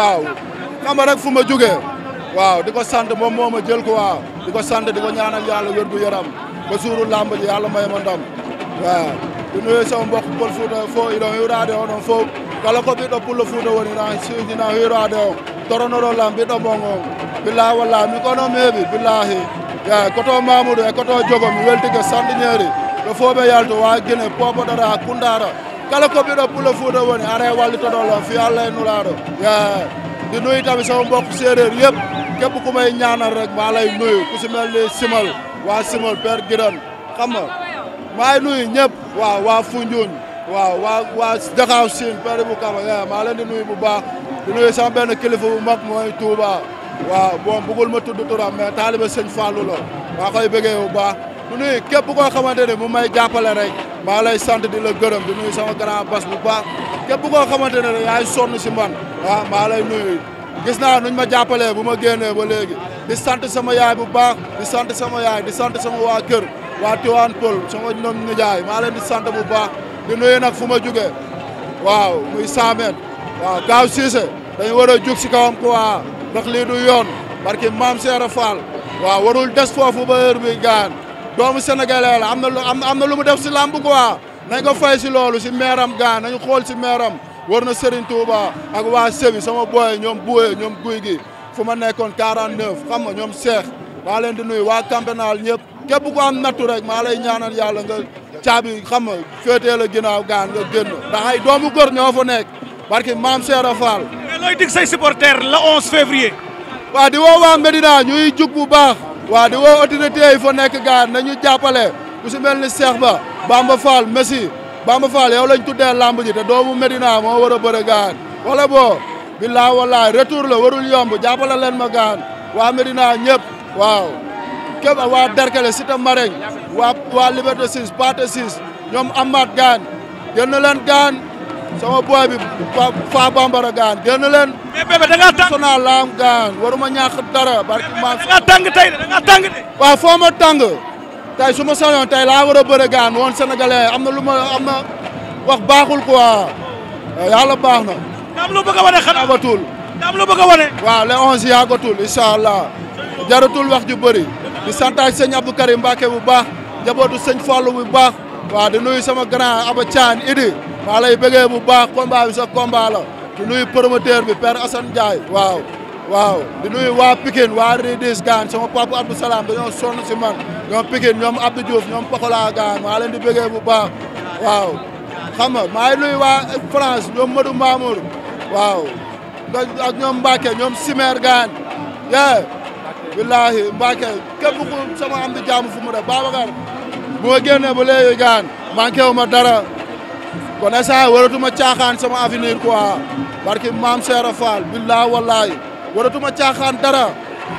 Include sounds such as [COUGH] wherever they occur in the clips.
waaw xam nga fu ma jugee waaw di ko sant moom moo ma jël ko waaw di ko sant di ko ñaanal yàlla wér gu yaram ba suuru làmb ji yàlla may di nuyu sama mbokk Pël Fuuta fo iɗon hiwrade o ɗon fof kala ko ɓiɗɗo pullo Fuuta woni na sina hiwrade o toronoɗo lam ɓiɗɗo mon on billahi wallahi mi kono meeɓi billahi eyi koto mamoudou e koto jogo mi weltike sanɗiñeeri ɗo fof ɓe yalto wawi guine popoɗara kundara kala koɓiɗo pulo fuuta woni ara e wallitoɗolo fi allah e nulaɗo di nuyu tamit sama mbokk séeréer yëpp képp ku may rek maa lay nuyu ku si mel ni simal waa simal père Giron xam nga maa ngi nuyu ñëpp waaw waa Foundiougne waaw waa waa Jaxaaw Siin père bu maa leen di nuyu bu baax di nuyu sama benn kilifa bu mag mooy Touba waaw bon bëggul ma tudd turam mais taaliba sëñ Fallou la maa du nuyu képp koo xamante ni mu may jàppale rek maa lay sant di la gërëm di nuyu sama grand bas bu baax képp koo xamante ne rek yaay sonn si man waaw ah maa lay nuyu gis naa nuñ ma jàppalee bu ma génnee ba léegi di sant sama yaay bu baax di sant sama yaay di sant sama waa kër waa Tiwaan Pël sama ñoom nijaay maa leen di sant bu baax di nuyu nag fu ma jugee waaw muy 100 mètres waaw Gaaw Cissé dañu war a jug si kawam quoi ndax lii du yoon barki maam Seera waaw warul des doomu sénégalais la am na lu am na lu mu def si làmb quoi nañ ko fay si loolu si meeram gaa nañu xool si meeram war na Serigne Touba ak wa Sébi sama booy ñoom Bouye ñoom Guy gi fu ma nekkoon 49 xam nga ñoom Cheikh maa leen di nuyu waa Campenal ñëpp képp ku am nattu rek maa lay ñaanal yàlla nga caabi xam nga la ginnaaw gaan nga génn ndax ay doomu góor ñoo fa nekk barki maam Seera Fall. mais looy dig say supporters le 11 di woo waa Medina ñuy jug bu baax. waaw di woo autorité yi fa nekk gars nañu jàppale ku si mel ni Cheikh Ba Bamba Fall Messi Bamba Fall yow lañ tuddee lamb ji te doomu Medina moo war a bëre gaan wala boo billaa wallaa retour la warul yomb jàppale leen ma gaan waa Medina ñëpp waaw képp waa Derkele Cité Mareng waa waa Liberté ñoom Amath gaan génn gaan sama boy bi fa bambara gaan génn leen. mais laam gaan waruma ñàkk dara. barke maa da ngaa tàng tey ma tàng tey sañoon tey laa war a bëre gaan woon sénégalais am na lu ma am na wax baaxul quoi eh, yàlla baax na. daam lu bëgg a wane xanaa yàggatul. daam a wane. wax ju bëri di santaaj sëñ Abdou Karim Mbacke bu baax jabootu sëñ Fallou bu baax waaw di nuyu sama grand Aba Thian Idi. maa yi bëggee bu baax combat bi sa combat la di nuyu promoteur bi père Assane Ndiaye waaw waaw di nuyu waa Pikine waa Ridis gaan sama papa Abdou Salam dañoo sonn si man ñoom Pikine ñoom Abdou ñoom Pokola gaan maa leen di bëggee bu baax waaw xam maa ngi nuyu waa France ñoom Madou Mamour waaw ñoom Mbacke ñoom Simer gaan yee billahi Mbacke képp sama am fu mu def Babacar bu ma génnee ba léegi gaan manqué wu ma dara kon instant waratuma caaxaan sama avenir quoi barki maam Seera Fall billaa wallaay waratuma caaxaan dara.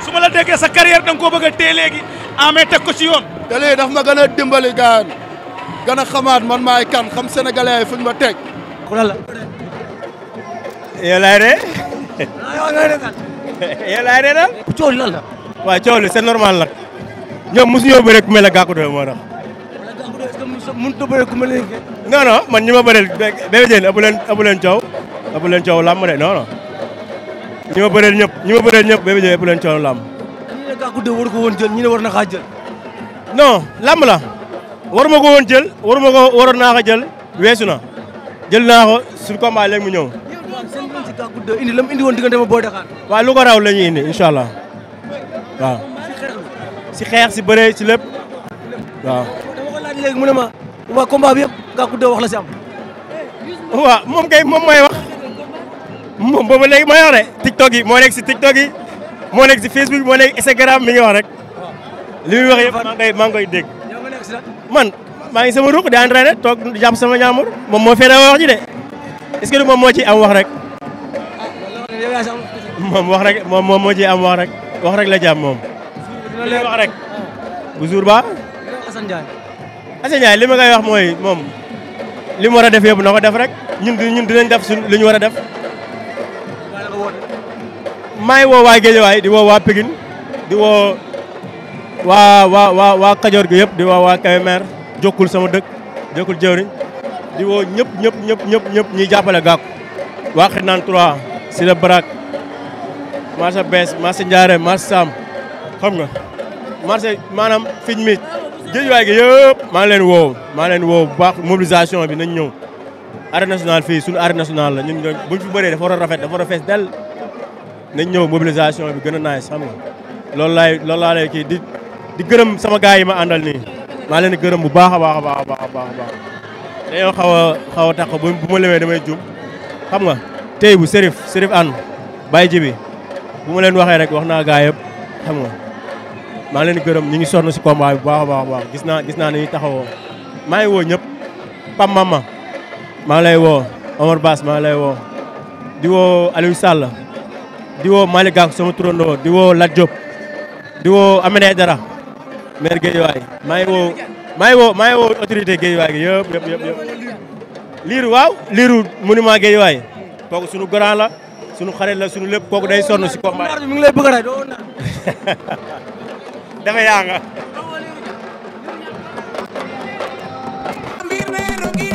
su la déggee sa carrière da nga koo bëgg a téye léegi amee teg ko ci yoon. te léegi ma gën a dimbali gaan gën a xamaat man maay kan xam sénégalais yi fuñ ma teg. ku la la. yow laay de. [LAUGHS] yow laay de la. coow li lan normal nag ñoom mosu ñoo bëre ku mel ne Gackou doy moo tax. ku mel non non man ñi ma bëreel Bébé Diène ëpp leen ëpp leen coow ëpp leen coow làmb de non non. ñi ma bëreel ñëpp coow làmb. ñu ne Gackou 2 waru ko woon jël ñu war na xaa jël. waroon naa ko jël weesu na jël naa ko suñu combat mu ñëw. waaw indi la mu indi woon diggante ma Boy Dakar. lu ko raw la ñuy indi incha allah waaw. si xeex si bëree si lépp Gàkku de wax la si am. waaw moom kay moom mooy wax moom boobu léegi may wax de TikTok yi moo nekk si TikTok yi moo nekk si Facebook moo nekk Instagram mi ngi wax rek. li muy wax yëpp maa ngi koy maa ngi man maa ngi sama ruq di entraîné toog jàpp sama ñaamur moom moo feebar wax ji de est-ce que moom moo ci am wax rek. moom wax rek moom moom moo ci am wax rek wax rek la jàmm moom. li wax rek bu ba. Assane Ndiaye. Assane Ndiaye li ma wax mooy moom. li mu war a def yëpp na ko def rek ñun dinañ def suñ li ñu war a def. maa ngi woo waa Guédiawaye di woo waa Pikine di woo waa waa waa waa Kajoor gi yëpp di woo waa Kébémer jokkul sama dëkk jokkul jëwriñ di woo ñëpp ñëpp ñëpp ñëpp ñëpp ñiy jàppale Gakou waa Xinaan 3 si la Barak marché Bees marché Ndiarème marché Sam xam nga marché maanaam fiñ mi géejuwaay gi yëpp maa leen woow maa leen woow bu baax mobilisation bi nañ ñëw arène nationale fii suñu arène nationale la ñun ñoo buñ fi bëree dafa war a rafet dafa war a nañ ñëw mobilisation bi gën a naaj xam nga loolu laay loolu laa lay kii di di gërëm sama gars yi ma àndal nii maa leen gërëm bu baax a baax a baax a baax a baax a baax dañoo xaw a xaw a tax bu ma lemee damay jum xam nga tey bu Serif Serif an Baye Jibi bu ma leen waxee rek wax naa gars yëpp xam nga maa leen gërëm ñu ngi sonn si combat bi baax a baax baax gis naa gis naa ni taxawoo maa ngi woo ñëpp Pam Mama maa ngi lay woo Omar Bass maa ngi lay woo di woo Aliou di woo Malick Gakou sama turandoo di woo Lat Diop di woo Amina Aidara maire Guédiawaye maa ngi woo maa ngi woo maa ngi woo yëpp yëpp liiru waaw liiru monument Guédiawaye kooku suñu grand la sunu xarit la sunu lépp kooku day sonn si combat [LAUGHS] danga yaanga